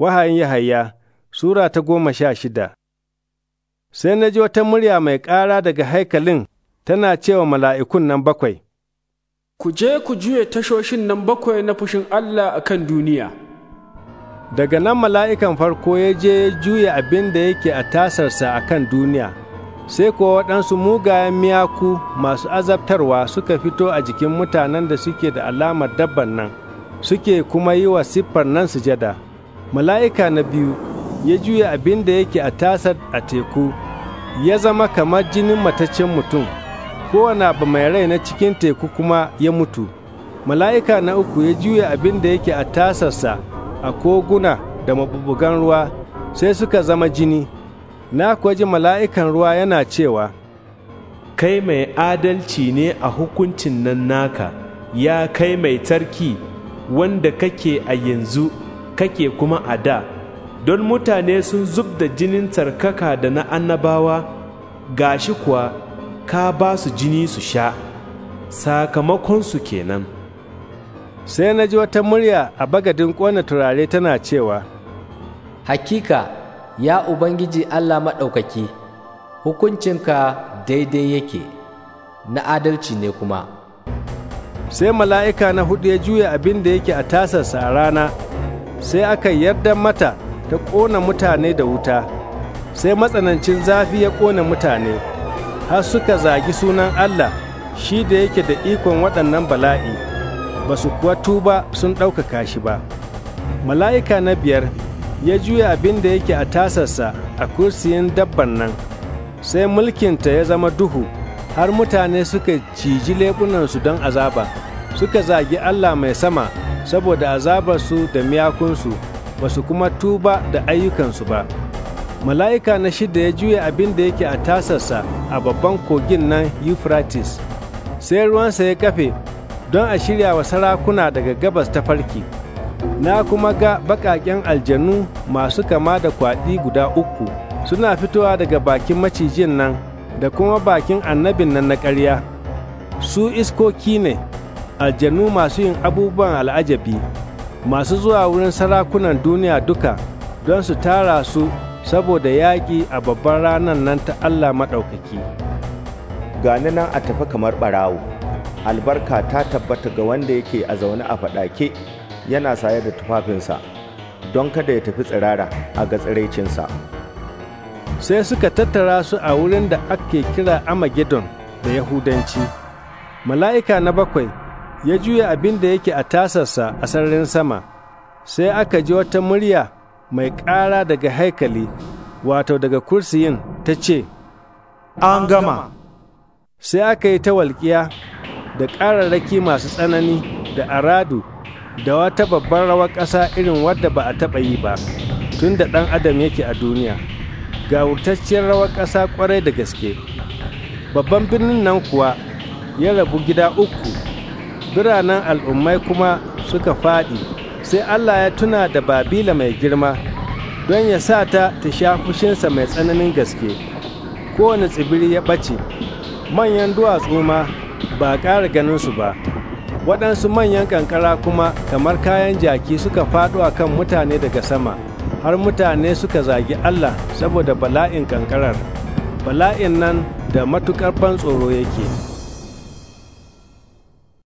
Wahayin Yahaya Sura ta goma sha shida Sai na ji wata murya mai ƙara daga haikalin tana cewa mala'ikun nan bakwai, Ku je ku juye tashoshin nan bakwai na fushin Allah a kan duniya. Daga nan mala'ikan farko ya je ya juya abin da yake a tasarsa a kan duniya, sai kuwa waɗansu mugayen miyaku masu azabtarwa suka fito a jikin mutanen da suke da alamar dabban nan, suke kuma yi wa siffar nan sujada. mala'ika na biyu ya juya abin da yake a tasar a teku ya zama kamar jinin mataccen mutum kowane abu mai rai na cikin teku kuma ya mutu mala'ika na uku ya juya abin da yake a tasarsa a koguna da mabubugan ruwa sai suka zama jini na kwaji mala'ikan ruwa yana cewa kai mai adalci ne a hukuncin nan naka ya kai mai tarki wanda kake a yanzu kake kuma a da don mutane sun zub da jinin tsarkaka da na annabawa Ga shi kuwa ka ba su jini su sha sakamakon su kenan sai na ji wata murya a bagadin ƙona turare tana cewa hakika ya ubangiji allah maɗaukaki hukuncinka daidai yake na adalci ne kuma sai mala'ika na hudu ya juya abin da yake a tasarsa a rana sai aka yarda mata ta ƙona mutane da wuta sai matsanancin zafi ya ƙona mutane har suka zagi sunan Allah shi da yake da ikon waɗannan bala'i ba su kuwa tuba sun ɗaukaka shi ba mala'ika na biyar ya juya abin da yake a tasarsa a kursiyin dabban nan sai mulkinta ya zama duhu har mutane suka ciji lebunansu don azaba suka zagi Allah mai sama saboda azabarsu da miyakunsu ba su kuma tuba da ayyukansu ba mala'ika na shida ya juya abin da yake a tasarsa a babban kogin nan euphrates sai ruwansa ya kafe don a shirya wa sarakuna daga gabas ta farki na kuma ga bakaken aljanu masu kama da kwaɗi guda uku suna fitowa daga bakin macijin nan da kuma bakin annabin nan na ƙarya su iskoki ne Aljanu masu yin abubuwan al'ajabi masu zuwa wurin sarakunan duniya duka don su tara su saboda yaƙi a babban ranar nan ta Allah maɗaukaki. Gani nan a tafi kamar ɓarawo, albarka ta tabbata ga wanda yake a zaune a faɗake yana sayar da tufafinsa don kada ya tafi tsirara a ga tsiraicinsa. Sai suka tattara su a wurin da ake kira Amagedon da Yahudanci. Mala'ika na bakwai ya juya abin da yake a tasarsa a sararin sama sai aka ji wata murya mai ƙara daga haikali wato daga kursiyin ta ce an gama sai aka yi ta walƙiya da ƙararraki masu tsanani da aradu da wata babbar rawar ƙasa irin wadda ba a taɓa yi ba tun da ɗan adam yake a duniya ga wutacciyar rawar ƙasa ƙwarai da gaske babban birnin nan kuwa ya rabu gida uku biranen al'ummai kuma suka faɗi sai Allah ya tuna da babila mai girma don ya sa ta ta sha fushinsa mai tsananin gaske kowane tsibiri ya ɓace manyan duwatsu ma ba ƙara ganinsu ba waɗansu manyan ƙanƙara kuma kamar kayan jaki suka faɗo a kan mutane daga sama har mutane suka zagi Allah saboda bala'in ƙanƙarar bala'in nan da matuƙar ban tsoro yake.